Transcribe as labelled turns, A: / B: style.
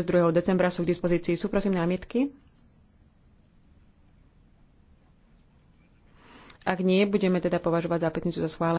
A: z 2. decembra sú k dispozícii. Sú prosím námietky? Ak nie, budeme teda považovať zápisnicu za schválenú.